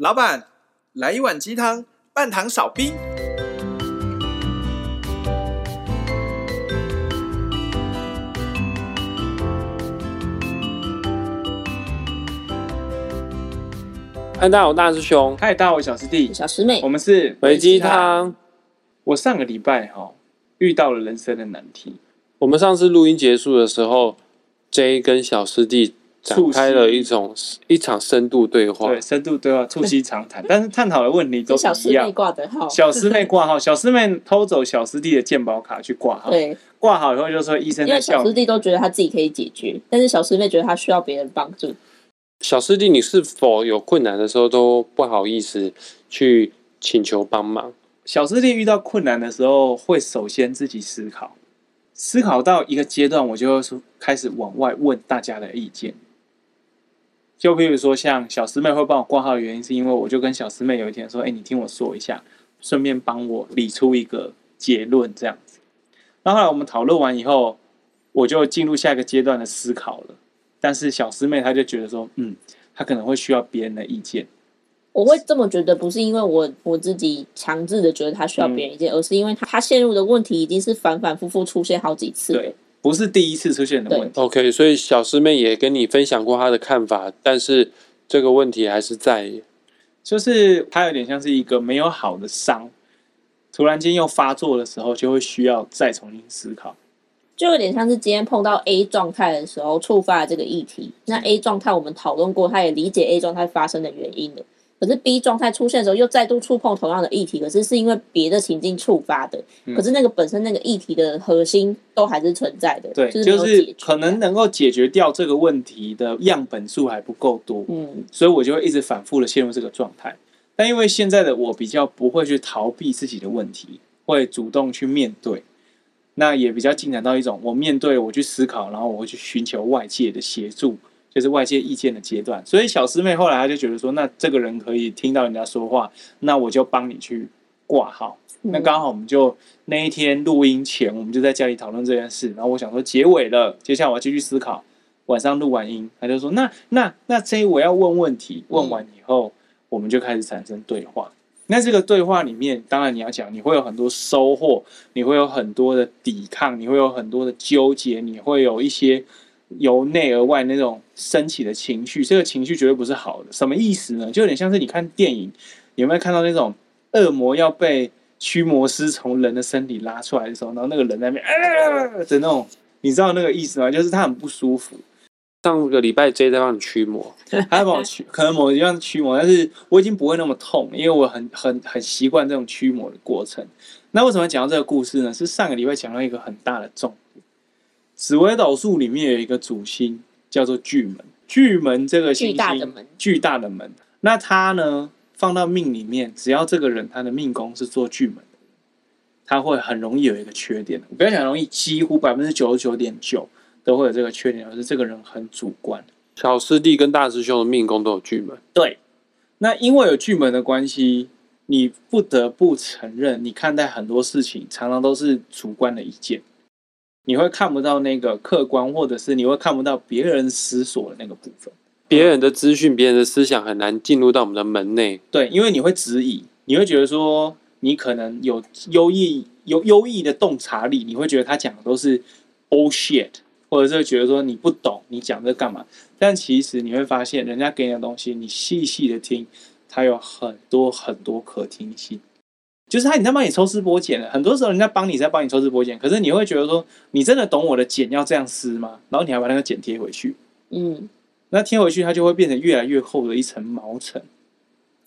老闆，來一碗雞湯，半糖少冰。嗨，大家好，我大師兄，嗨，大家好，我小師弟、小師妹，我們是煨雞湯。我上個禮拜哈、哦、遇到了人生的難題。我們上次錄音結束的時候，J 跟小師弟。促開了一種一場深度對話，對，深度對話促膝長談，談 但是探討的問題都是一樣。小師弟掛的號，小師妹掛號，小師妹偷走小師弟的健保卡去掛號。對，掛好以後就說醫生在叫。因為小師弟都覺得他自己可以解決，但是小師妹覺得他需要別人幫助。小師弟，你是否有困難的時候都不好意思去請求幫忙？小師弟遇到困難的時候會首先自己思考，思考到一個階段，我就說開始往外問大家的意見。就譬如說，像小師妹會幫我掛號的原因，是因為我就跟小師妹有一天說：“哎、欸，你聽我說一下，順便幫我理出一個結論這樣子。”然後後來我們討論完以後，我就進入下一個階段的思考了。但是小師妹她就覺得說：“嗯，她可能會需要別人的意見。”我會這麼覺得，不是因為我我自己強制的覺得她需要別人的意見，嗯、而是因為她她陷入的問題已經是反反复覆出現好幾次。對。不是第一次出現的問題。OK，所以小師妹也跟你分享過她的看法，但是這個問題還是在，就是她有點像是一個沒有好的傷，突然間又發作的時候，就會需要再重新思考。就有點像是今天碰到 A 狀態的時候觸發的這個議題。那 A 狀態我們討論過，他也理解 A 狀態發生的原因的。可是 B 狀態出現的時候，又再度觸碰同樣的議題，可是是因為別的情境觸發的。嗯。可是那個本身那個議題的核心都還是存在的。對，就是，就是可能能夠解決掉這個問題的樣本數還不夠多。嗯。所以我就會一直反復的陷入這個狀態。但因為現在的我比較不會去逃避自己的問題，會主動去面對。那也比較進展到一種，我面對，我去思考，然後我會去尋求外界的協助。就是外界意見的階段，所以小師妹後來她就覺得說，那這個人可以聽到人家說話，那我就幫你去掛號。那剛好我們就那一天錄音前，我們就在家裡討論這件事。然後我想說結尾了，接下來我要繼續思考。晚上錄完音，她就說那那那這我要問問題，問完以後我們就開始產生對話。那這個對話裡面，當然你要講，你會有很多收穫，你會有很多的抵抗，你會有很多的糾結，你會有一些。由內而外那種升起的情緒，這個情緒絕對不是好的。什麼意思呢？就有點像是你看電影，有沒有看到那種惡魔要被驅魔師從人的身體拉出來的時候，然後那個人在那邊啊的那種，你知道那個意思嗎？就是他很不舒服。上個禮拜正在幫人驅魔，他在幫我驅，可能某一樣驅魔，但是我已經不會那麼痛，因為我很很很習慣這種驅魔的過程。那為什麼講到這個故事呢？是上個禮拜講到一個很大的重點。紫微斗數裡面有一個主星叫做巨門，巨門這個行星，巨大的門，巨大的門。那它呢，放到命裡面，只要這個人他的命宮是做巨門的，他會很容易有一個缺點，不要想容易，幾乎百分之九十九點九都會有這個缺點，就是這個人很主觀。小師弟跟大師兄的命宮都有巨門，對。那因為有巨門的關係，你不得不承認，你看待很多事情常常都是主觀的意見。你會看不到那個客觀，或者是你會看不到別人思索的那個部分。別人的資訊、別人的思想很難進入到我們的門內。嗯。對，因為你會質疑，你會覺得說你可能有優異、有優異的洞察力，你會覺得他講的都是 “all shit”，或者是覺得說你不懂，你講這幹嘛？但其實你會發現，人家給你的東西，你細細的聽，它有很多很多可聽性。就是他，你在幫你抽絲剝繭了。很多時候，人家幫你在幫你抽絲剝繭。可是你會覺得說，你真的懂我的繭要這樣撕嗎？然後你還把那個繭貼回去。嗯，那貼回去，它就會變成越來越厚的一層毛層，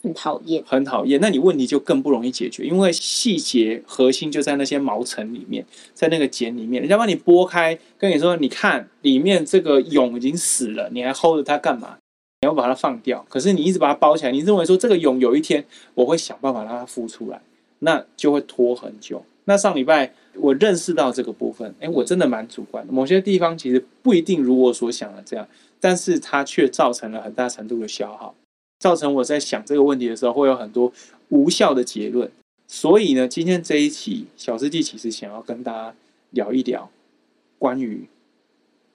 很討厭，很討厭。那你問題就更不容易解決，因為細節核心就在那些毛層裡面，在那個繭裡面。人家幫你剝開，跟你說，你看裡面這個蛹已經死了，你還 hold 它幹嘛？你要把它放掉。可是你一直把它包起來，你認為說這個蛹有一天我會想辦法讓它孵出來。那就會拖很久。那上禮拜我認識到這個部分，哎，我真的蠻主觀的。某些地方其實不一定如我所想的這樣，但是它卻造成了很大程度的消耗，造成我在想這個問題的時候會有很多無效的結論。所以呢，今天這一期小師弟其實想要跟大家聊一聊關於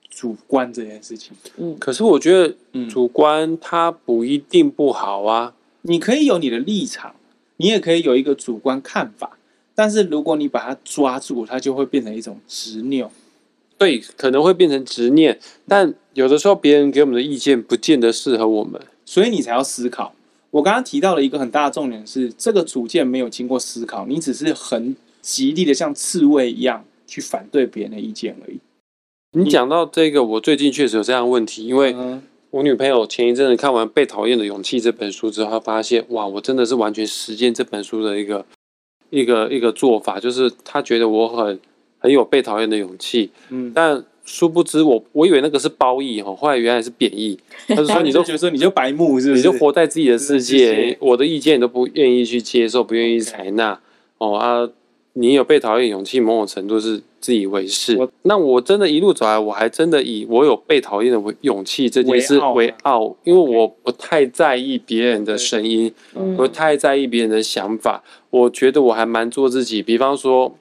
主觀這件事情。嗯，可是我覺得，嗯，主觀它不一定不好啊，你可以有你的立場，你也可以有一個主觀看法，但是如果你把它抓住，它就會變成一種執拗，對，可能會變成執念。但有的時候別人給我們的意見不見得適合我們，所以你才要思考。我剛剛提到了一個很大的重點是，這個主見沒有經過思考，你只是很極力的像刺蝟一樣去反對別人的意見而已。你講到這個，我最近確實有這樣的問題，因為、嗯。我女朋友前一陣子看完《被討厭的勇氣》這本書之後，她發現哇，我真的是完全實踐這本書的一個一個一個做法，就是她覺得我很很有被討厭的勇氣。嗯，但殊不知我我以為那個是褒義哦，後來原來是貶義。她就說你都 你覺得你就白目，是不是？你就活在自己的世界，是是是我的意見你都不願意去接受，不願意採納。Okay. 哦啊，你有被討厭勇氣，某種程度是。自以為是，我那我真的一路走來，我還真的以我有被討厭的勇氣這件事為傲，啊、為傲，因為我不太在意別人的聲音，okay, okay, um. 我不太在意別人的想法，我覺得我還蠻做自己。比方說，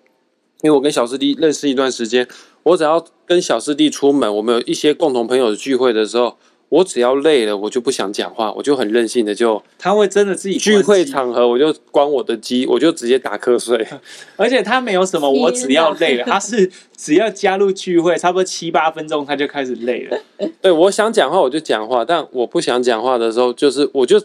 因為我跟小師弟認識一段時間，我只要跟小師弟出門，我們有一些共同朋友的聚會的時候。我只要累了，我就不想講話，我就很任性的就，他會真的自己聚會場合，我就關我的機，我就直接打瞌睡。 而且他沒有什麼，我只要累了，他是只要加入聚會，差不多七八分鐘他就開始累了。欸欸、對，我想講話我就講話，但我不想講話的時候，就是我就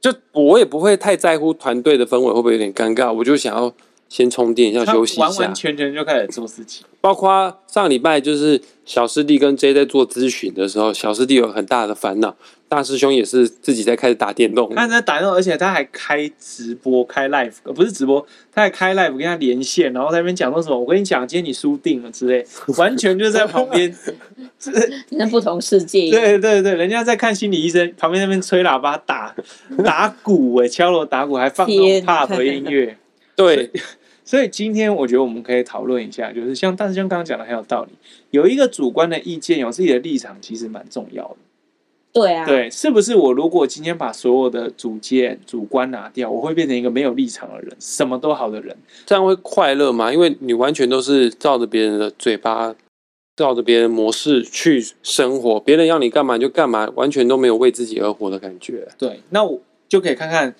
就我也不會太在乎團隊的氛圍會不會有點尷尬，我就想要，先充電，要他 休息一下。完完全全就開始做事情，包括上禮拜就是小師弟跟 J 在做諮詢的時候，小師弟有很大的煩惱，大師兄也是自己在開始打電動。他在打電動，而且他還開直播，開 live 不是直播，他還開 live 跟他連線，然後在那邊講說什麼。我跟你講，今天你輸定了之類，完全就在旁邊 是不同世界。對對對，人家在看心理醫生，旁邊那邊吹喇叭、打打鼓、欸，哎，敲鑼打鼓，還放 trap、啊、音樂樂，對。所以今天我覺得我們可以討論一下，就是像但是像剛剛講的很有道理，有一個主觀的意見，有自己的立場，其實蠻重要的。對啊，對，是不是我如果今天把所有的主見、主觀拿掉，我會變成一個沒有立場的人，什麼都好的人，這樣會快樂嗎？因為你完全都是照着別人的嘴巴，照着別人的模式去生活，別人要你幹嘛就幹嘛，完全都沒有為自己而活的感覺。對，那我就可以看看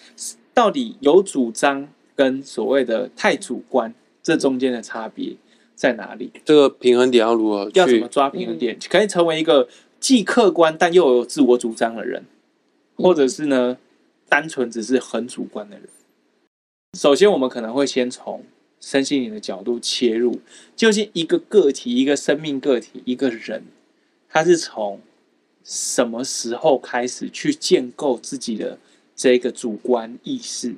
到底有主張。跟所謂的太主觀，這中間的差別在哪裡？這個平衡點要如何？要怎麼抓平衡點？可以成為一個既客觀但又有自我主張的人，或者是呢，單純只是很主觀的人。首先，我們可能會先從身心靈的角度切入，究竟一個個體、一個生命個體、一個人，他是從什麼時候開始去建構自己的這個主觀意識？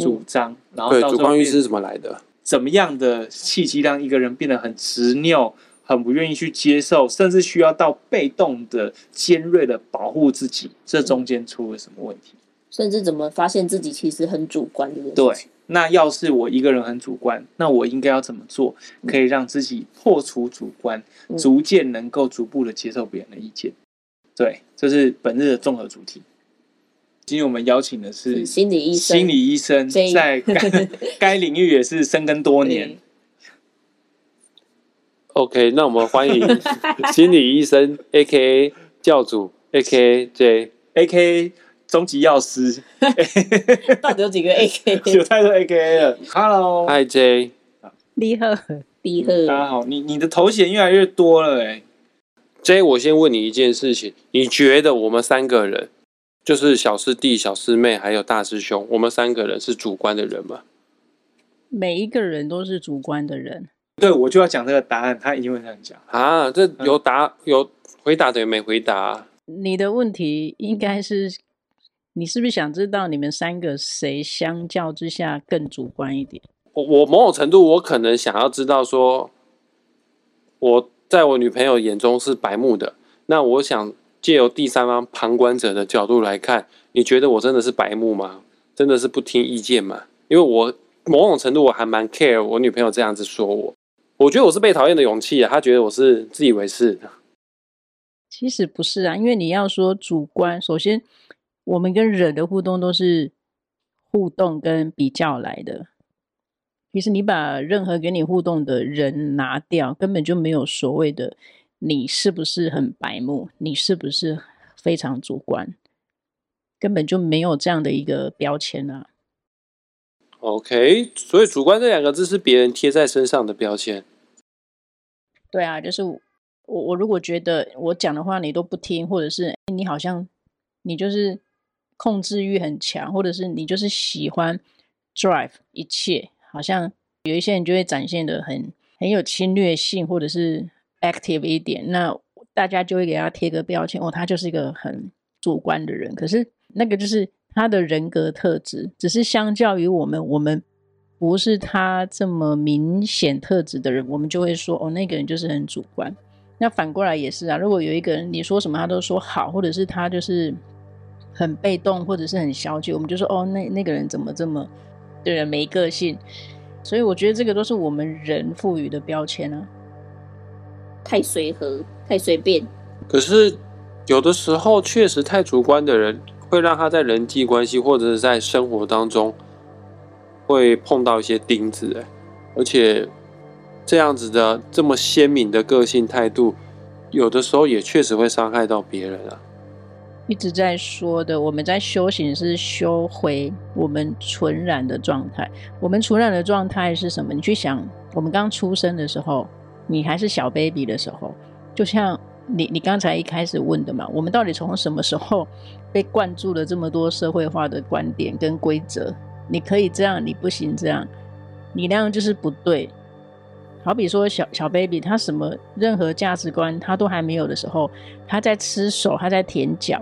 主張，嗯、然後主觀意識是怎麼來的？怎麼樣的契機讓一個人變得很執拗、嗯、很不願意去接受，甚至需要到被動的、尖銳的保護自己？這中間出了什麼問題？嗯、甚至怎麼發現自己其實很主觀的問題？對，那要是我一個人很主觀，那我應該要怎麼做，嗯、可以讓自己破除主觀，逐漸能夠逐步的接受別人的意見。嗯、對，這、就是本日的綜合主題。今天我們邀請的是心理醫生。心理醫生在該領域也是深耕多年。OK，那我們歡迎心理醫生 A K A 教主 A K A J A K A 終極藥師。到底有幾個 A K？有太多 A K A 了。Hello，Hi J。你好，你好。大家好，你你的頭銜越來越多了哎。J，我先問你一件事情，你覺得我們三個人？就是小師弟、小師妹，還有大師兄，我們三個人是主觀的人嗎？每一個人都是主觀的人。對，我就要講這個答案，他一定會這樣講啊！這有答、嗯、有回答的，也沒回答，啊？你的問題應該是，你是不是想知道你們三個誰相較之下更主觀一點？我我某種程度，我可能想要知道說，我在我女朋友眼中是白目的，那我想。借由第三方旁觀者的角度來看，你覺得我真的是白目嗎？真的是不聽意見嗎？因為我某種程度我還蠻 care 我女朋友這樣子說我，我覺得我是被討厭的勇氣啊。她覺得我是自以為是的，其實不是啊。因為你要說主觀，首先我們跟人的互動都是互動跟比較來的。其實你把任何跟你互動的人拿掉，根本就沒有所謂的。你是不是很白目？你是不是非常主觀？根本就沒有這樣的一個標籤啊。OK，所以“主觀”這兩個字是別人貼在身上的標籤。對啊，就是我我我如果覺得我講的話你都不聽，或者是你好像你就是控制慾很強，或者是你就是喜歡 drive 一切，好像有一些人就會展現的很很有侵略性，或者是。active 一點，那大家就會給他貼個標籤，哦，他就是一個很主觀的人。可是那個就是他的人格特質，只是相較於我們，我們不是他這麼明顯特質的人，我們就會說，哦，那個人就是很主觀。那反過來也是啊，如果有一個人你說什麼，他都說好，或者是他就是很被動或者是很消極，我們就說，哦，那那個人怎麼這麼對人沒個性？所以我覺得這個都是我們人賦予的標籤啊。太隨和，太隨便。可是有的時候，確實太主觀的人，會讓他在人際關係或者是在生活當中，會碰到一些釘子誒，而且這樣子的這麼鮮明的個性態度，有的時候也確實會傷害到別人啊。一直在說的，我們在修行是修回我們純然的狀態。我們純然的狀態是什麼？你去想，我們剛出生的時候。你還是小 baby 的時候，就像你你剛才一開始問的嘛，我們到底從什麼時候被灌注了這麼多社會化的觀點跟規則？你可以這樣，你不行這樣，你那樣就是不對。好比說小小 baby，他什麼任何價值觀他都還沒有的時候，他在吃手，他在舔腳，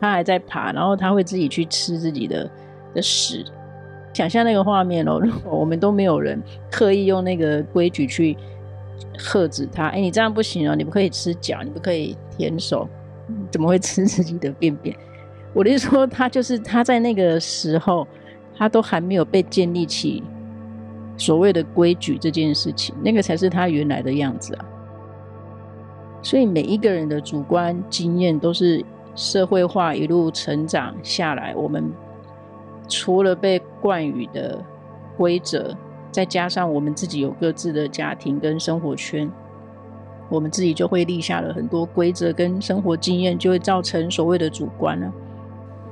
他還在爬，然後他會自己去吃自己的屎。想象那個畫面哦，如果我們都沒有人刻意用那個規矩去。喝止他，哎，你這樣不行哦！你不可以吃腳，你不可以舔手，怎麼會吃自己的便便？我的意思說，他就是他在那個時候，他都還沒有被建立起所謂的規矩這件事情，那個才是他原來的樣子啊。所以每一個人的主觀經驗都是社會化一路成長下來，我們除了被冠以的規則。再加上我們自己有各自的家庭跟生活圈，我們自己就會立下了很多規則跟生活經驗，就會造成所謂的主觀了。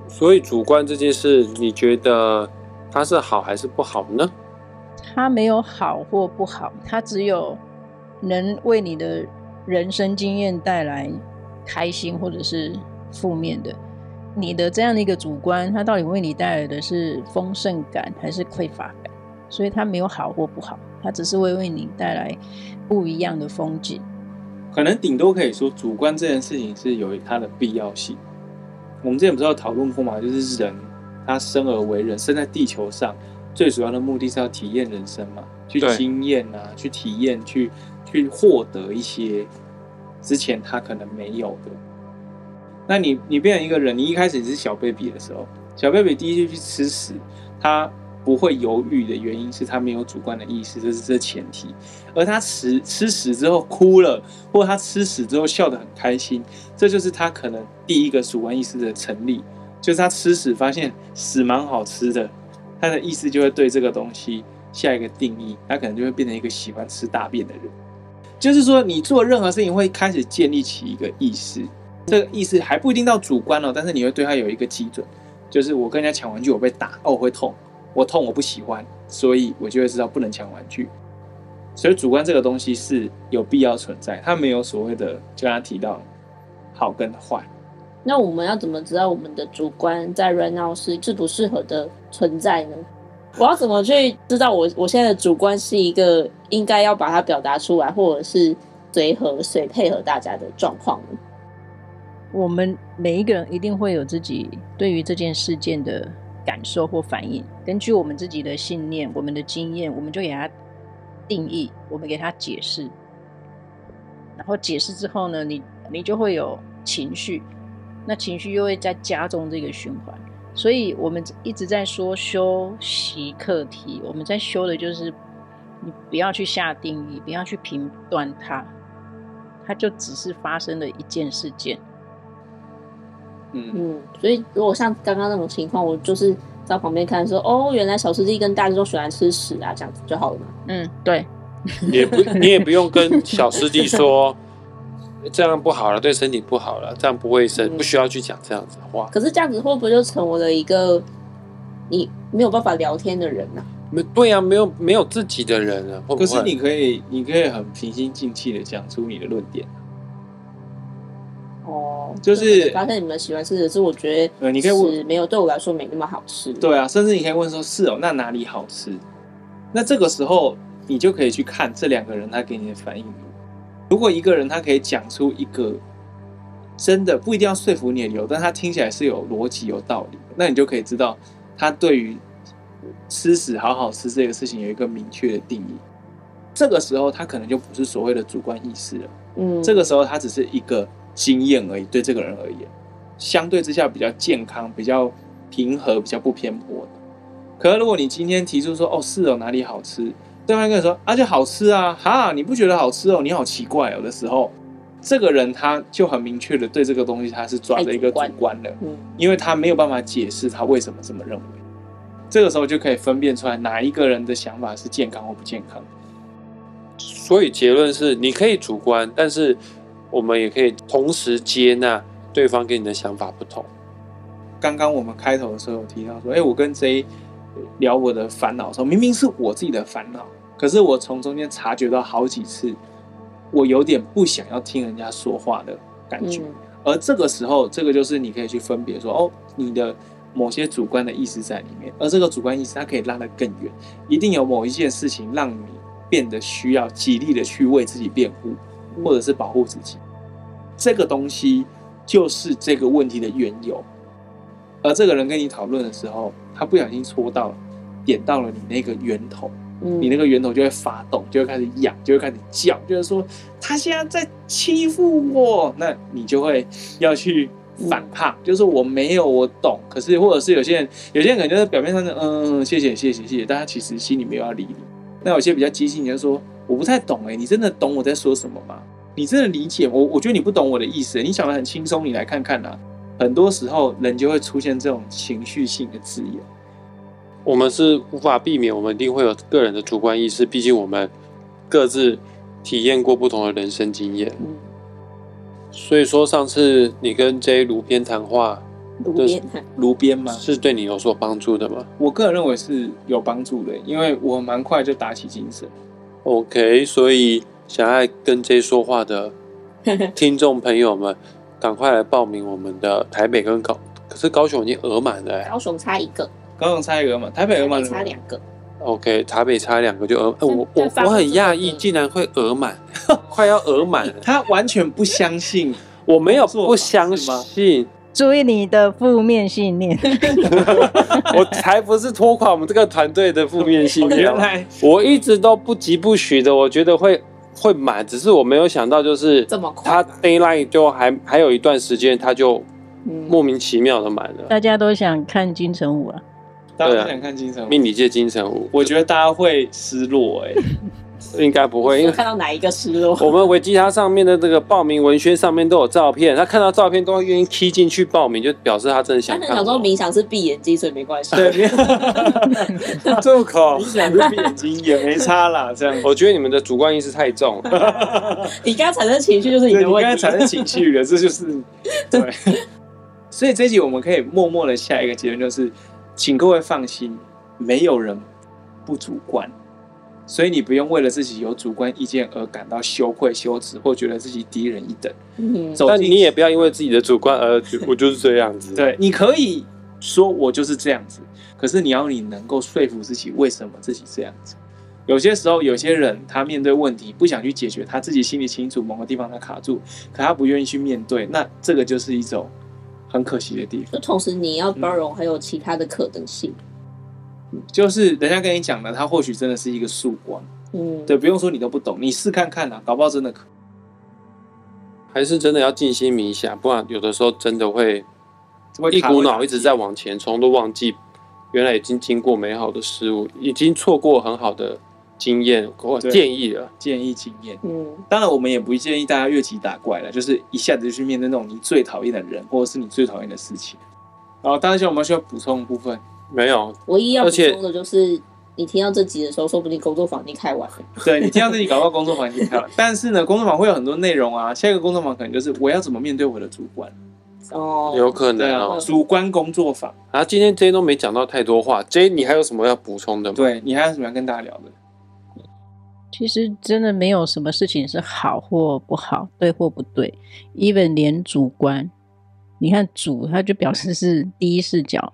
所以主觀這件事，你覺得它是好還是不好呢？它沒有好或不好，它只有能為你的人生經驗帶來開心或者是負面的。你的這樣的一個主觀，它到底為你帶來的是豐盛感還是匱乏感？所以他沒有好或不好，他只是會為你帶來不一樣的風景。可能頂多可以說，主觀這件事情是有它的必要性。我們之前不是有討論過嗎？就是人他生而為人，生在地球上，最主要的目的是要體驗人生嘛，去經驗啊，對去體驗，去去獲得一些之前他可能沒有的。那你你變成一個人，你一開始你是小 baby 的時候，小 baby 第一次去吃屎，他。不會猶豫的原因是他沒有主觀的意思，這、就是這前提。而他吃吃屎之後哭了，或他吃屎之後笑得很開心，這就是他可能第一個主觀意識的成立，就是他吃屎發現屎蠻好吃的，他的意思就會對這個東西下一個定義，他可能就會變成一個喜歡吃大便的人。就是說，你做任何事情會開始建立起一個意識，這個意識還不一定到主觀了、哦，但是你會對他有一個基準，就是我跟人家搶玩具，我被打哦，我會痛。我痛，我不喜歡，所以我就會知道不能搶玩具。所以主觀這個東西是有必要存在，他沒有所謂的，就他提到好跟壞。那我們要怎麼知道我們的主觀在 right now 是適不適合的存在呢？我要怎麼去知道我我現在的主觀是一個應該要把它表達出來，或者是隨和誰配合大家的狀況呢？我們每一個人一定會有自己對於這件事件的。感受或反應，根據我們自己的信念、我們的經驗，我們就給它定義，我們給它解釋。然後解釋之後呢，你你就會有情緒，那情緒又會再加重這個循環。所以，我們一直在說修習課題，我們在修的就是你不要去下定義，不要去評斷它，它就只是發生了一件事件。嗯嗯，所以如果像剛剛那種情況，我就是在旁邊看，說哦，原來小師弟跟大家都喜歡吃屎啊，這樣子就好了嘛。嗯，對，也不你也不用跟小師弟說 這樣不好了，對身體不好了，這樣不衛生，嗯、不需要去講這樣子的話。可是這樣子會不會就成為了一個你沒有辦法聊天的人呢？啊。沒對啊，沒有沒有自己的人了，啊。會不會可是你可以，你可以很平心靜氣的講出你的論點。就是發現你們喜歡吃，可是我覺得，呃，你可以問沒有，對我來說沒那麼好吃。對啊，甚至你可以問說：“是哦，那哪裡好吃？”那這個時候你就可以去看這兩個人他給你的反應如。如果一個人他可以講出一個真的不一定要說服你的理由，但他聽起來是有邏輯、有道理，那你就可以知道他對於吃屎好好吃這個事情有一個明確的定義。這個時候他可能就不是所謂的主觀意識了。嗯，這個時候他只是一個。經驗而已，對這個人而言，相對之下比較健康、比較平和、比較不偏頗，可如果你今天提出說：“哦，是哦，哪裡好吃？”對方跟你說：“啊，而且好吃啊，哈，你不覺得好吃哦？你好奇怪哦。”的時候，這個人他就很明確的對這個東西他是抓了一個主觀的，太主觀。嗯，因為他沒有辦法解釋他為什麼這麼認為。這個時候就可以分辨出來哪一個人的想法是健康或不健康。所以結論是，你可以主觀，但是，我們也可以同時接納對方跟你的想法不同。剛剛我們開頭的時候有提到說，哎、欸，我跟 J 聊我的煩惱時候，明明是我自己的煩惱，可是我從中間察覺到好幾次，我有點不想要聽人家說話的感覺。嗯、而這個時候，這個就是你可以去分別說，哦，你的某些主觀的意思在裡面，而這個主觀意思它可以拉得更遠，一定有某一件事情讓你變得需要極力的去為自己辯護，嗯、或者是保護自己。這個東西就是這個問題的緣由，而這個人跟你討論的時候，他不小心戳到了、點到了你那個源頭，你那個源頭就會發動，就會開始癢，就會開始叫，就是說他現在在欺負我，那你就會要去反抗，就是說我沒有我懂，可是或者是有些人，有些人可能就是表面上的嗯謝謝謝謝謝謝，但他其實心裡沒有要理你。那有些人比較激進是，你就說我不太懂哎、欸，你真的懂我在說什麼嗎？你真的理解我？我覺得你不懂我的意思。你想得很輕鬆，你來看看吶、啊。很多時候，人就會出現這種情緒性的字眼。我們是無法避免，我們一定會有個人的主觀意識。畢竟我們各自體驗過不同的人生經驗。嗯、所以說，上次你跟 J 盧邊談話，盧邊，就盧邊嗎？是對你有所幫助的嗎？我個人認為是有幫助的，因為我蠻快就打起精神。嗯、OK，所以。想要跟 J 說話的聽眾朋友們，趕快來報名我們的台北跟高，可是高雄已經額滿了、欸。高雄差一個，高雄差一個嘛，台北額滿差兩個。OK，台北差兩個就額、欸，我我我很訝異，竟然會額滿，快要額滿。他完全不相信， 我沒有不相信。注意你的負面信念， 我才不是拖垮我們這個團隊的負面信念。我，我一直都不疾不徐的，我覺得會會滿，只是我沒有想到，就是這麼快，他 deadline 就還還有一段時間，他就莫名其妙的滿了、嗯。大家都想看金城武啊，啊大家都想看金城武，命理界金城武，我覺得大家會失落哎、欸。 應該不會，我看到哪一個失落。我們維基他上面的這個報名文宣上面都有照片， 他看到照片都會願意 key 進去報名，就表示他真的想。他想說冥想是閉眼睛，所以沒關係。 對， 住口！你想是閉 眼睛也沒差啦，這樣。我覺得你們的主觀意識太重了。 你剛剛產生情緒就是你的問題。你剛剛產生情緒了，這就是對。 所以這一集我們可以默默的下一個結論就是，請各位放心，沒有人不主觀。所以你不用為了自己有主觀意見而感到羞愧、羞恥，或覺得自己低人一等、嗯。但你也不要因為自己的主觀而……覺得我就是這樣子。 對，你可以說我就是這樣子，可是你要你能夠說服自己為什麼自己這樣子。有些時候，有些人他面對問題不想去解決，他自己心裡清楚某個地方他卡住，可他不願意去面對。那這個就是一種很可惜的地方。就同時你要包容，還有其他的可能性。嗯就是人家跟你講的，他或許真的是一個曙光。嗯，對，不用說你都不懂，你試看看吶、啊，搞不好真的可。還是真的要靜心冥想，不然有的時候真的會一股腦一直在往前衝，都忘記原來已經經過美好的事物，已經錯過很好的經驗或建議了。建議經驗，嗯，當然我們也不建議大家越級打怪了，就是一下子就去面對那種你最討厭的人，或者是你最討厭的事情。然後當然現在我們要需要補充的部分。沒有，我唯一要補充的就是且你聽到這集的時候，說不定工作坊已經開完了。對你聽到這集，搞到工作坊已經開完了。 但是呢，工作坊會有很多內容啊。下一個工作坊可能就是我要怎麼面對我的主觀。哦，有可能、哦啊啊、主觀工作坊啊，今天 J 都沒講到太多話，J 你還有什麼要補充的嗎？對你還有什麼要跟大家聊的？其實真的沒有什麼事情是好或不好，對或不對。even 連主觀，你看主，它就表示是第一視角。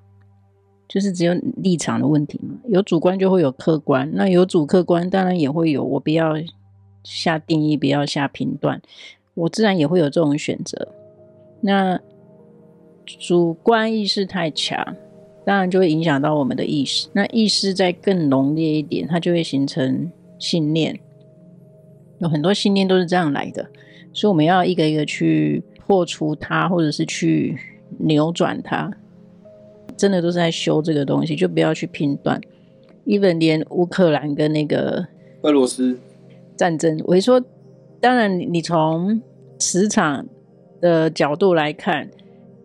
就是只有立場的問題嘛，有主觀就會有客觀，那有主客觀當然也會有。我不要下定義，不要下評斷，我自然也會有這種選擇。那主觀意識太強，當然就會影響到我們的意識。那意識再更濃烈一點，它就會形成信念。有很多信念都是這樣來的，所以我們要一個一個去破除它，或者是去扭轉它。真的都是在修這個東西，就不要去評斷。even 連烏克蘭跟那個俄羅斯戰爭，我一說，當然你從磁場的角度來看，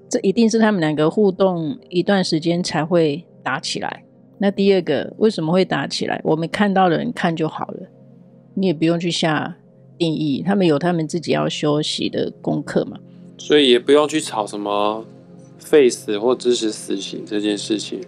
這一定是他們兩個互動一段時間才會打起來。那第二個為什麼會打起來？我們看到的人看就好了，你也不用去下定義，他們有他們自己要休息的功課嘛，所以也不用去吵什麼。廢死或支持死刑這件事情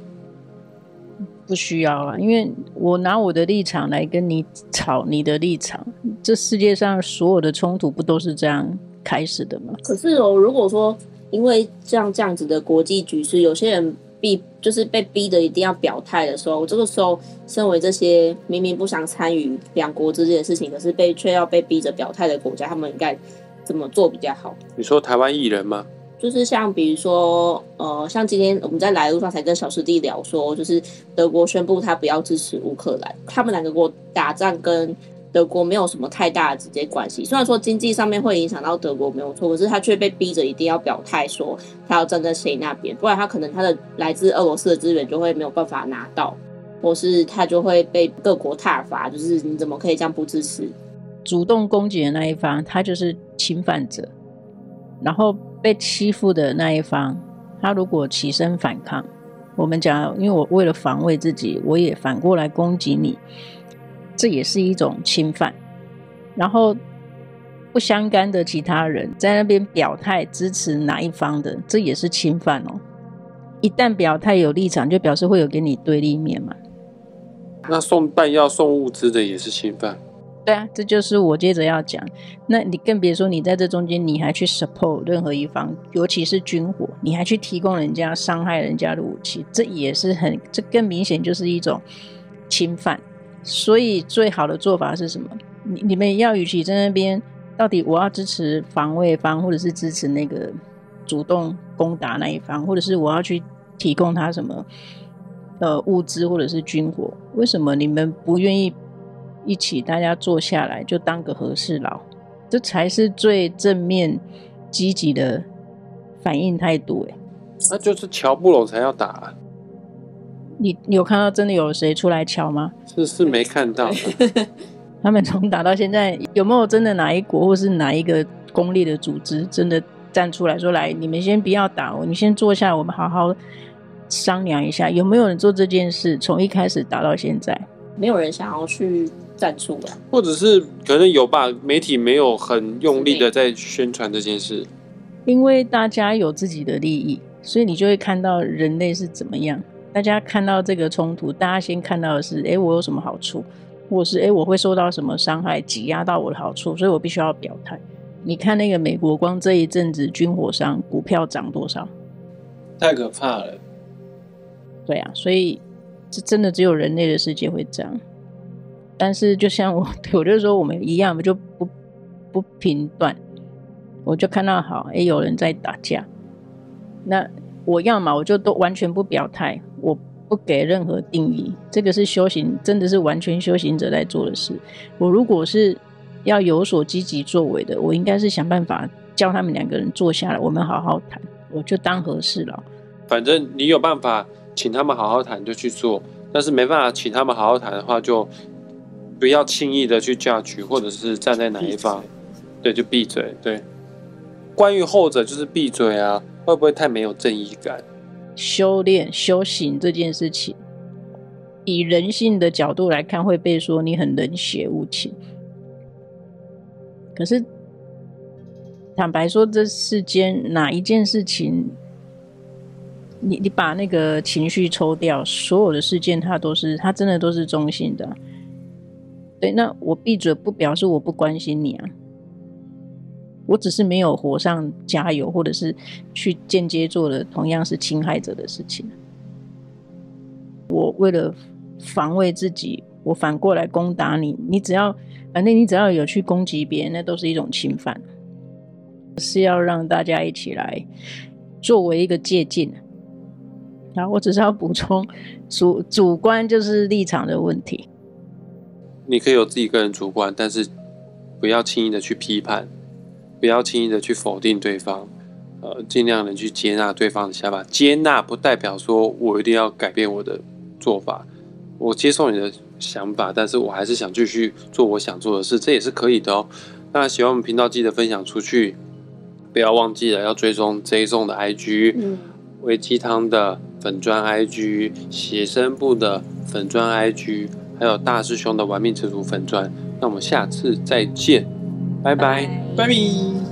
不需要啊，因為我拿我的立場來跟你吵你的立場，這世界上所有的衝突不都是這樣開始的嗎？可是哦，如果說因為像這樣子的國際局勢，有些人被就是被逼的一定要表態的時候，我這個時候身為這些明明不想參與兩國之間的事情，可是被卻要被逼着表態的國家，他們應該怎麼做比較好？你說台灣藝人嗎？就是像比如說，呃，像今天我們在來的路上才跟小師弟聊說，就是德國宣布他不要支持烏克蘭，他們兩個國打仗，跟德國沒有什麼太大的直接關係。雖然說經濟上面會影響到德國沒有錯，可是他卻被逼着一定要表態說他要站在誰那邊，不然他可能他的來自俄羅斯的資源就會沒有辦法拿到，或是他就會被各國撻伐。就是你怎麼可以這樣不支持，主動攻擊的那一方，他就是侵犯者，然後。被欺負的那一方，他如果起身反抗，我們講，因為我為了防衛自己，我也反過來攻擊你，這也是一種侵犯。然後，不相干的其他人在那邊表態支持哪一方的，這也是侵犯哦。一旦表態有立場，就表示會有跟你對立面嘛。那送彈藥、送物資的也是侵犯。對啊，這就是我接着要講。那你更別說，你在這中間你還去 support 任何一方，尤其是軍火，你還去提供人家傷害人家的武器，這也是很，這更明顯就是一種侵犯。所以最好的做法是什麼？你你們要，與其在那邊到底我要支持防衛方，或者是支持那個主動攻打那一方，或者是我要去提供他什麼呃物資或者是軍火，為什麼你們不願意一起，大家坐下來就當個和事佬，這才是最正面、積極的反應態度。哎，那就是橋不攏才要打。你有看到真的有誰出來橋嗎？是是沒看到。 他們從打到現在，有沒有真的哪一國或是哪一個公立的組織真的站出來說：“來，你們先不要打，你們先坐下我們好好商量一下。”有沒有人做這件事？從一開始打到現在，沒有人想要去。站出來，或者是可能有吧，媒體沒有很用力的在宣傳這件事，因為大家有自己的利益，所以你就會看到人類是怎麼樣。大家看到這個衝突，大家先看到的是，哎、欸，我有什麼好處，或是哎、欸，我會受到什麼傷害，擠壓到我的好處，所以我必須要表態。你看那個美國光這一陣子軍火商股票漲多少，太可怕了。對啊，所以這真的只有人類的世界會這樣。但是，就像我，我就是說，我們一樣，我就不不評斷。我就看到好，哎、欸，有人在打架，那我要嘛，我就都完全不表態，我不給任何定義。這個是修行，真的是完全修行者在做的事。我如果是要有所積極作為的，我應該是想辦法叫他們兩個人坐下來，我們好好談。我就當和事佬，反正你有辦法請他們好好談就去做，但是沒辦法請他們好好談的話，就。不要輕易的去 judge，或者是站在哪一方，嘴對，就閉嘴。對，關於後者就是閉嘴啊，會不會太沒有正義感？修煉修行這件事情，以人性的角度來看，會被說你很冷血無情。可是，坦白說，這世間哪一件事情，你你把那個情緒抽掉，所有的事件它都是，它真的都是中性的。對，那我閉嘴不表示我不關心你啊，我只是沒有火上加油，或者是去間接做了同樣是侵害者的事情。我為了防衛自己，我反過來攻打你。你只要，反正你只要有去攻擊別人，那都是一種侵犯。是要讓大家一起來作為一個借鑑。然後我只是要補充主主觀就是立場的問題。你可以有自己個人主觀，但是不要輕易的去批判，不要輕易的去否定對方，呃，盡量的去接納對方的想法。接納不代表說我一定要改變我的做法，我接受你的想法，但是我還是想繼續做我想做的事，這也是可以的哦。那喜歡我們頻道，記得分享出去，不要忘記了要追蹤 J.zone 的 IG，微雞湯的粉專 IG，寫生簿的粉專 IG。還有大師兄的玩命之徒粉專，那我們下次再見，拜拜，拜拜 Bye.。Bye.